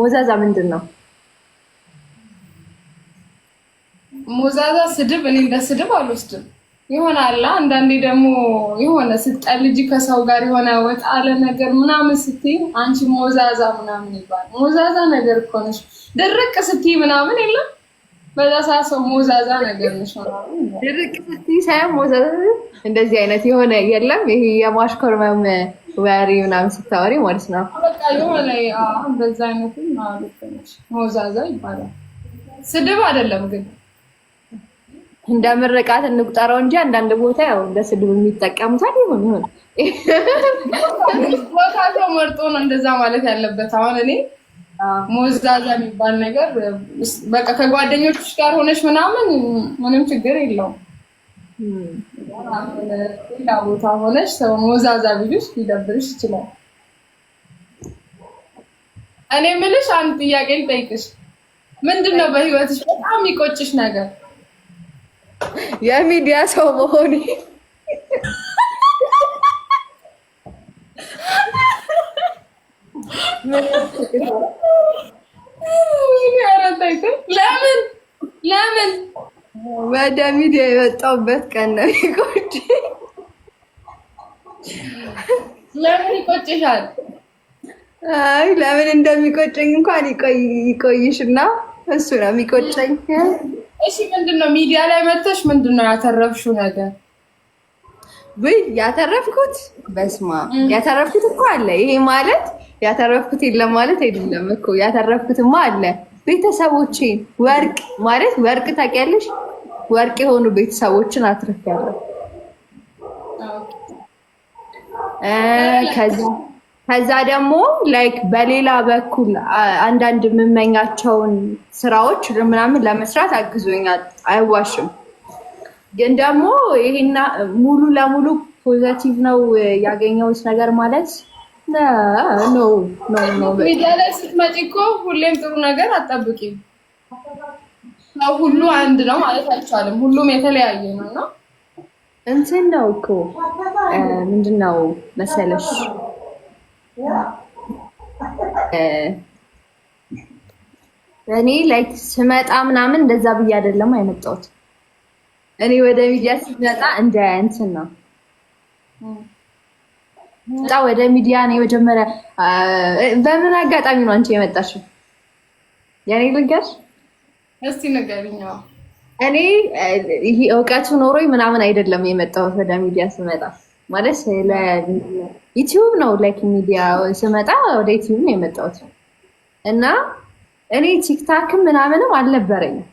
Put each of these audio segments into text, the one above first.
ሞዛዛ ምንድን ነው? ሞዛዛ ስድብ እኔ እንደ ስድብ አልወስድም። የሆነ አላ አንዳንዴ ደግሞ የሆነ ስትጠልጂ ከሰው ጋር የሆነ ወጣ አለ ነገር ምናምን ስትይ አንቺ ሞዛዛ ምናምን ይባል። ሞዛዛ ነገር እኮ ነሽ። ድርቅ ስትይ ምናምን የለም በዛ ሰዓት ሰው ሞዛዛ ነገር ነሽ። ድርቅ ስትይ ሳይሆን ሞዛዛ እንደዚህ አይነት የሆነ የለም ይሄ የማሽኮርመም ወሪ ምናምን ስታወሪ ማለት ነው። ይባላል። ስድብ አይደለም ግን እንደ ምርቃት እንቁጠረው እንጂ አንዳንድ ቦታ ያው እንደ ስድብ የሚጠቀሙታል። ይሁን ይሁን ቦታ ሰው መርጦ ነው እንደዛ ማለት ያለበት። አሁን እኔ ሞዛዛ የሚባል ነገር በቃ ከጓደኞች ጋር ሆነች ምናምን ምንም ችግር የለውም። ሌላ ቦታ ሆነች ሰው ሞዛዛ ቢልሽ ሊደብርሽ ይችላል። እኔ ምልሽ አንድ ጥያቄ ልጠይቅሽ። ምንድን ነው በህይወትሽ በጣም የሚቆጭሽ ነገር? የሚዲያ ሰው መሆኔ። ወደ ሚዲያ የመጣሁበት ቀን ነው። ይቆጭ ለምን ይቆጭሻል? አይ ለምን እንደሚቆጨኝ እንኳን ይቆይሽና እሱ ነው የሚቆጨኝ። እሺ ምንድን ነው ሚዲያ ላይ መጥተሽ ምንድን ነው ያተረፍሽው ነገር? ውይ ያተረፍኩት በስማ ያተረፍኩት እኮ አለ። ይሄ ማለት ያተረፍኩት የለም ማለት አይደለም እኮ ያተረፍኩትማ አለ። ቤተሰቦቼን ወርቅ ማለት ወርቅ ታውቂያለሽ ወርቅ የሆኑ ቤተሰቦችን አትርፌያለሁ። ከዛ ደግሞ ላይክ በሌላ በኩል አንዳንድ የምመኛቸውን ስራዎች ምናምን ለመስራት አግዞኛል። አይዋሽም። ግን ደግሞ ይሄና ሙሉ ለሙሉ ፖዘቲቭ ነው ያገኘሁት ነገር ማለት ነው። ሚዲያ ላይ ስትመጪ እኮ ሁሌም ጥሩ ነገር አትጠብቂም። ሰው ሁሉ አንድ ነው ማለት አይቻልም። ሁሉም የተለያየ ነው እና እንትን ነው እኮ ምንድን ነው መሰለሽ እኔ ላይክ ስመጣ ምናምን እንደዛ ብዬ አይደለም አይመጣሁት። እኔ ወደ ሚዲያ ስመጣ እንደ እንትን ነው ጣ ወደ ሚዲያ ነው የመጀመሪያ። በምን አጋጣሚ ነው አንቺ የመጣሽው? ያኔ ልንገርሽ እስቲ ንገሪኝ። እኔ ይሄ እውቀቱ ኖሮኝ ምናምን አይደለም የመጣሁት ወደ ሚዲያ ስመጣ ማለት ዩቲዩብ ነው ላይክ ሚዲያ ስመጣ ወደ ዩቲዩብ ነው የመጣሁት እና እኔ ቲክታክም ምናምንም አልነበረኝም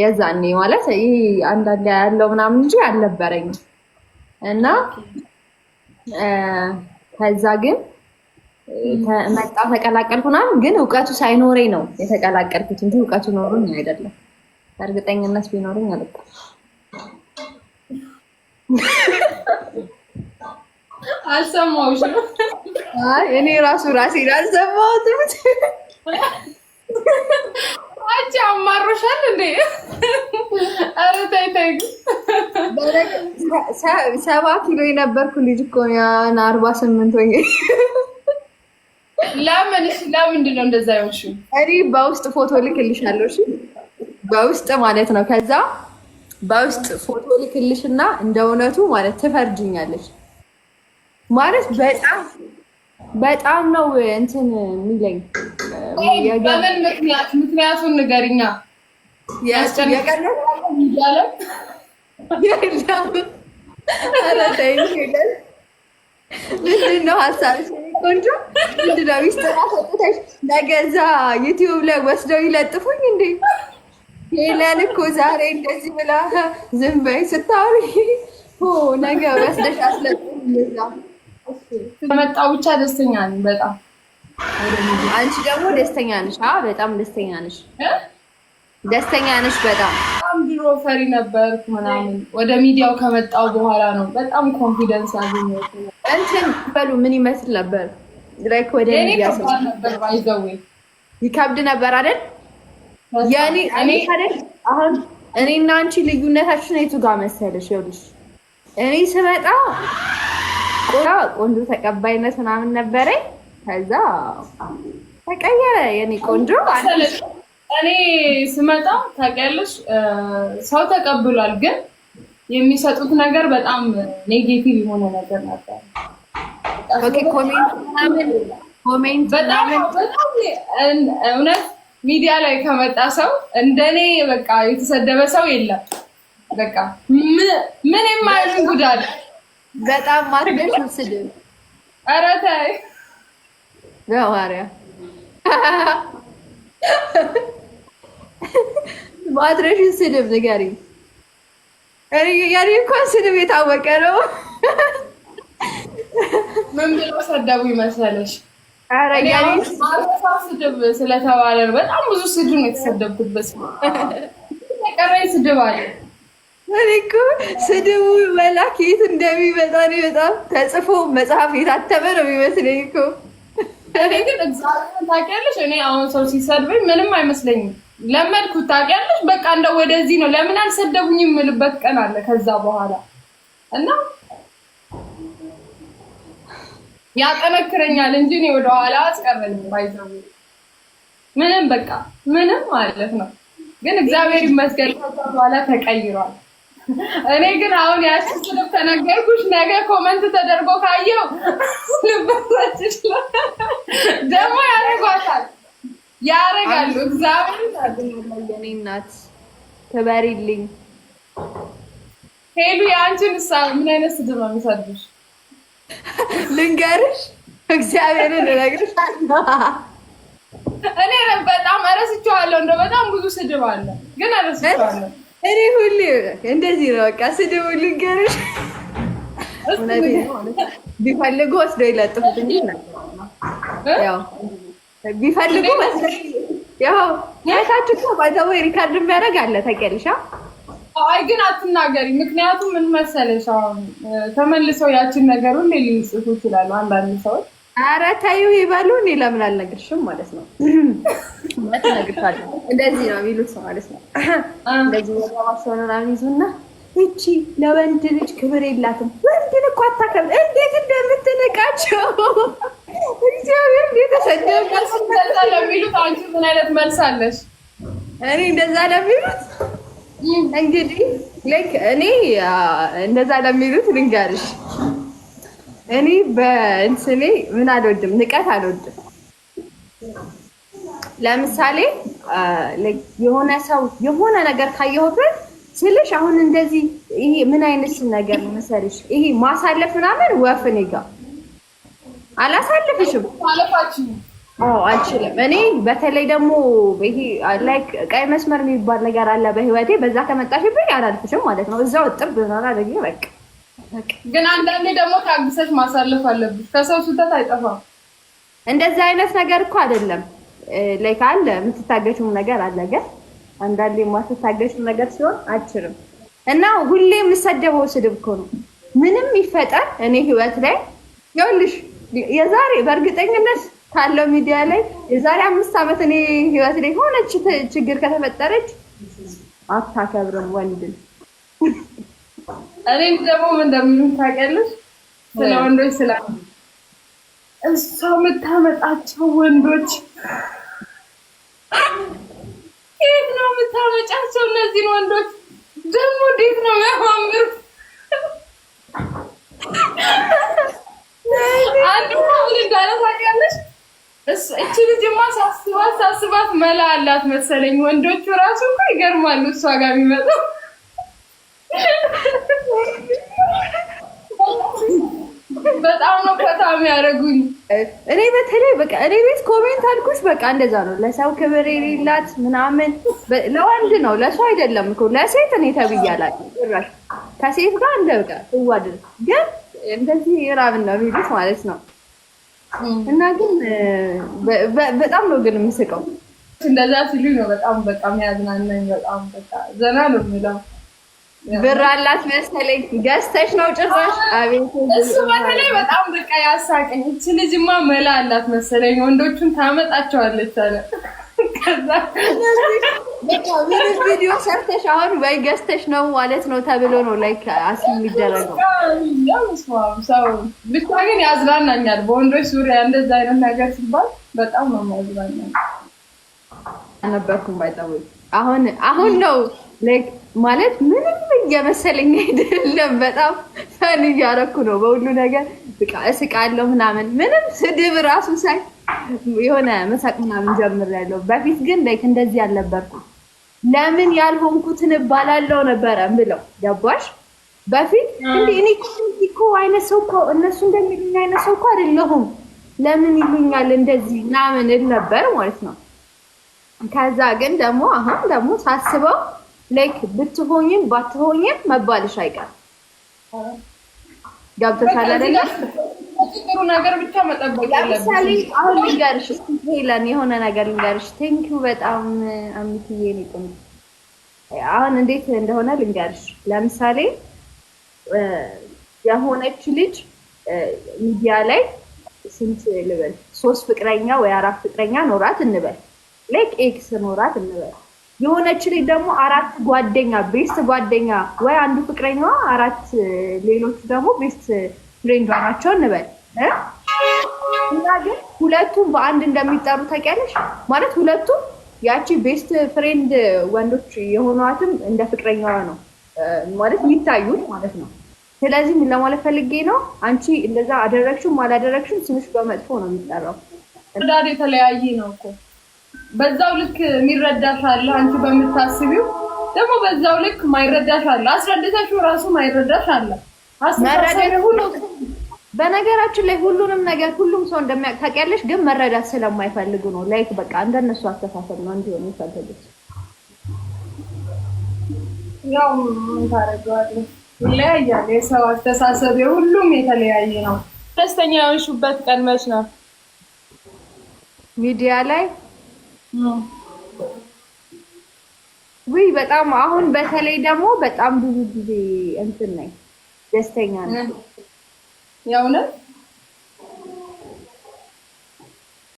የዛኔ ማለት ይህ አንዳንድ ያለው ምናምን እንጂ አልነበረኝም እና ከዛ ግን መጣ ተቀላቀልኩናል። ግን እውቀቱ ሳይኖረኝ ነው የተቀላቀልኩት እንጂ እውቀቱ ኖሮኝ አይደለም። እርግጠኝነት ቢኖረኝ አለቀ። አልሰማሁሽም። እኔ ራሱ ራሴ አልሰማሁትም። አንቺ አማሮሻል እንዴ? ኧረ ተይ ተይ። ሰባ ኪሎ የነበርኩ ልጅ እኮ ያን አርባ ስምንት ወይ ለምን እሺ፣ ለምንድን ነው እንደዛ ይሆንሽው? እኔ በውስጥ ፎቶ ልክልሻለሁ። እሺ፣ በውስጥ ማለት ነው። ከዛ በውስጥ ፎቶ ልክልሽና እንደ እውነቱ ማለት ትፈርጅኛለሽ። ማለት በጣም በጣም ነው እንትን የሚለኝ። በምን ምክንያት ምክንያቱን ንገሪኛ። ያስጨንቀለ ምንድን ነው ሀሳብሽ? ቆንጆ ምንድን ነው ሚስጥራት ወጥተሽ ነገዛ ዩቲዩብ ላይ ወስደው ይለጥፉኝ እንዴ? ሄለን እኮ ዛሬ እንደዚህ ብላ ዝም በይ ስታወሪ ነገ ወስደሽ አስለጥኝ። ዛ ከመጣ ብቻ ደስተኛ ነኝ በጣም። አንቺ ደግሞ ደስተኛ ነሽ? በጣም ደስተኛ ነሽ። ደስተኛ ነሽ በጣም ድሮ ፈሪ ነበርኩ ምናምን። ወደ ሚዲያው ከመጣው በኋላ ነው በጣም ኮንፊደንስ ያገኘሁት። እንትን በሉ ምን ይመስል ነበር? ላይክ ወደ ይከብድ ነበር አይደል? እኔ አይደል አሁን እኔ አንቺ ልዩነታችን የቱ ጋር መሰለሽ? ይኸውልሽ እኔ ስመጣ ቆላ ቆንጆ ተቀባይነት ምናምን ነበረ። ከዛ ተቀየረ የኔ ቆንጆ እኔ ስመጣ ታውቂያለሽ፣ ሰው ተቀብሏል፣ ግን የሚሰጡት ነገር በጣም ኔጌቲቭ የሆነ ነገር ነበር። እውነት ሚዲያ ላይ ከመጣ ሰው እንደኔ በቃ የተሰደበ ሰው የለም። በቃ ምን የማይሉ ጉዳል በጣም ማርገሽ ስድብ። ኧረ ተይ በማርያም ማትረሽን ስድብ ንገሪኝ። እኔ እንኳን ስድብ የታወቀ ነው። ምን ብለው ሰደቡ ይመስለሽ? ስድብ ስለተባለ ነው። በጣም ብዙ ስድብ ነው የተሰደብኩበት። ቀረኝ ስድብ አለ። እኔ እኮ ስድቡ መላክ የት እንደሚመጣ እኔ በጣም ተጽፎ መጽሐፍ የታተመ ነው የሚመስለኝ እኮ። እኔ ግን እግዚአብሔርን ታውቂያለሽ፣ እኔ አሁን ሰው ሲሰድበኝ ምንም አይመስለኝም። ለመድኩት ታውቂያለሽ። በቃ እንደው ወደዚህ ነው ለምን አልሰደቡኝ የምልበት ቀን አለ ከዛ በኋላ እና ያጠነክረኛል እንጂ ወደ ወደኋላ አስቀረኝም። ባይዘው ምንም በቃ ምንም ማለት ነው። ግን እግዚአብሔር ይመስገን በኋላ ተቀይሯል። እኔ ግን አሁን ያቺ ስልብ ተነገርኩሽ፣ ነገ ኮመንት ተደርጎ ካየው ልበሳች ይችላል። ደግሞ ያደርጓታል ያደርጋሉ። እግዚአብሔር እናት ትበሪልኝ ሄሉ። የአንቺን ምን አይነት ስድብ ነው የሚሰድብሽ? ልንገርሽ፣ እግዚአብሔርን ልነግርሽ እኔ በጣም እረስቸዋለሁ። እንደው በጣም ብዙ ስድብ አለ፣ ግን እረስቸዋለሁ። እኔ ሁሌ እንደዚህ ነው። በቃ ስድብ ልንገርሽ፣ ቢፈልጉ ወስደው ይለጥፉት እንጂ ያው ቢፈልጉ ያው ያካችሁ ባይዘው ሪካርድ የሚያደርግ አለ ታውቂያለሽ። አይ ግን አትናገሪ። ምክንያቱም ምን መሰለሽ አሁን ተመልሰው ያችን ነገር ሁሌ ሊጽፉ ይችላሉ አንዳንድ ሰዎች። ኧረ ተይው ይበሉ። እኔ ለምን አልነግርሽም ማለት ነው እንደዚህ ነው የሚሉት ማለት ነው። እንደዚህ ወባቸውን ይዙና እቺ ለወንድ ልጅ ክብር የላትም። ወንድን እኮ አታከብ እንዴት እንደምትንቃቸው እግዚአብሔር እንደተሰደበ ለሚሉት አንቺ ምን አይነት መልስ አለሽ? እኔ እንደዛ ለሚሉት እንግዲህ ልክ እኔ እንደዛ ለሚሉት ልንገርሽ፣ እኔ በእንትኔ ምን አልወድም፣ ንቀት አልወድም። ለምሳሌ የሆነ ሰው የሆነ ነገር ካየሁበት ስልሽ አሁን እንደዚህ ይሄ ምን አይነት ነገር ነው መሰልሽ? ይሄ ማሳለፍ ምናምን ወፍኔ ጋር አላሳልፍሽም። አዎ አልችልም። እኔ በተለይ ደግሞ ላይክ ቀይ መስመር የሚባል ነገር አለ በህይወቴ። በዛ ከመጣሽብኝ አላልፍሽም ማለት ነው። እዛው ጥብ ዛራ አድርጌ በቃ። ግን አንዳንዴ ደግሞ ታግሰሽ ማሳለፍ አለብሽ። ከሰው ስህተት አይጠፋም። እንደዚህ አይነት ነገር እኮ አይደለም ላይክ አለ የምትታገሹም ነገር አለ። ግን አንዳንዴ የማትታገሹም ነገር ሲሆን አልችልም እና ሁሌ የምሰደበው ስድብ እኮ ነው። ምንም ይፈጠር እኔ ህይወት ላይ ይኸውልሽ የዛሬ በእርግጠኝነት ካለው ሚዲያ ላይ የዛሬ አምስት ዓመት እኔ ህይወት ላይ ሆነች ችግር ከተፈጠረች አታከብርም ወንድን። እኔም ደግሞ ምን እንደምታውቂያለሽ ስለ ወንዶች ስለ እሷ የምታመጣቸው ወንዶች የት ነው የምታመጫቸው? እነዚህን ወንዶች ደግሞ እንዴት ነው የሚያማምሩ አንዱ ሁን እንዳለ ታውቂያለሽ እቺ ልጅማ ሳስባት ሳስባት መላ አላት መሰለኝ። ወንዶቹ ራሱ እኮ ይገርማሉ እሷ ጋር የሚመጡ በጣም ነው በጣም ያደረጉኝ። እኔ በተለይ በቃ እኔ ቤት ኮሜንት አልኩሽ በቃ እንደዛ ነው። ለሰው ክብር የሌላት ምናምን ለወንድ ነው ለሱ አይደለም እኮ ለሴት እኔ ተብያላት ከሴት ጋር እንደ በቃ ግን እንደዚህ ራብ ነው የሚሉት ማለት ነው እና ግን በጣም ነው ግን የምስቀው እንደዛ ሲሉ ነው በጣም በጣም የሚያዝናናኝ። በጣም በቃ ዘና ነው የምለው። ብር አላት መሰለኝ ገዝተሽ ነው ጭራሽ። አቤት እሱ በተለይ በጣም በቃ ያሳቀኝ። እች ልጅማ መላ አላት መሰለኝ ወንዶቹን ታመጣቸዋለች አለ ከዛ ቪዲዮ ሰርተሽ አሁን ወይ ገዝተሽ ነው ማለት ነው ተብሎ ነው ላይክ አስ የሚደረገው ብቻ ግን ያዝናናኛል። በወንዶች ዙሪያ እንደዛ አይነት ነገር ሲባል በጣም ነው የሚያዝናናኝ። ነበርኩም ባይጠው አሁን አሁን ነው ላይክ ማለት ምንም እየመሰለኝ አይደለም። በጣም ፈን እያረኩ ነው በሁሉ ነገር በቃ እስቃለሁ ምናምን ምንም ስድብ ራሱ ሳይ የሆነ መሳቅ ምናምን ጀምሬያለሁ። በፊት ግን ላይክ እንደዚህ አልነበርኩም። ለምን ያልሆንኩትን እባላለሁ ነበረ ብለው ገባሽ? በፊት እንደ እኔ እኮ አይነት ሰው እኮ እነሱ እንደሚሉኝ አይነት ሰው እኮ አይደለሁም፣ ለምን ይሉኛል እንደዚህ ምናምን እል ነበር ማለት ነው። ከዛ ግን ደግሞ አሁን ደግሞ ሳስበው ላይክ ብትሆኝም ባትሆኝም መባልሽ አይቀርም። ገብተሻል አይደለም? ጥሩ ነገር ብቻ መጠበቅ ለምሳሌ አሁን ልንገርሽ ሄለን የሆነ ነገር ልንገርሽ ቴንኪ በጣም አሚትዬ ሊጥም አሁን እንዴት እንደሆነ ልንገርሽ ለምሳሌ የሆነች ልጅ ሚዲያ ላይ ስንት ልበል ሶስት ፍቅረኛ ወይ አራት ፍቅረኛ ኖራት እንበል ላይክ ኤክስ ኖራት እንበል የሆነች ልጅ ደግሞ አራት ጓደኛ ቤስት ጓደኛ ወይ አንዱ ፍቅረኛዋ አራት ሌሎቹ ደግሞ ቤስት ፍሬንዷ ናቸው እንበል እና ግን ሁለቱም በአንድ እንደሚጠሩ ታውቂያለሽ። ማለት ሁለቱም ያቺ ቤስት ፍሬንድ ወንዶች የሆኗትም እንደ ፍቅረኛዋ ነው ማለት የሚታዩት ማለት ነው። ስለዚህ ምን ለማለት ፈልጌ ነው፣ አንቺ እንደዛ አደረግሽም አላደረግሽም ስምሽ በመጥፎ ነው የሚጠራው። ዳር የተለያየ ነው እኮ በዛው ልክ የሚረዳሽ አለ፣ አንቺ በምታስቢው ደግሞ በዛው ልክ ማይረዳሽ አለ። አስረድተሽው ራሱ ማይረዳሽ አለ። መረዳት ሁሉ በነገራችን ላይ ሁሉንም ነገር ሁሉም ሰው እንደሚያውቅ ታውቂያለሽ፣ ግን መረዳት ስለማይፈልጉ ነው። ላይክ በቃ እንደነሱ አስተሳሰብ ነው እንዲሆን ይፈልጉት። ያው ምን ታደርጊዋለሽ፣ ይለያያል። የሰው አስተሳሰብ የሁሉም የተለያየ ነው። ደስተኛ የሆንሽበት ቀን መች ነው? ሚዲያ ላይ ውይ፣ በጣም አሁን በተለይ ደግሞ በጣም ብዙ ጊዜ እንትን ነኝ ደስተኛ ነው የእውነት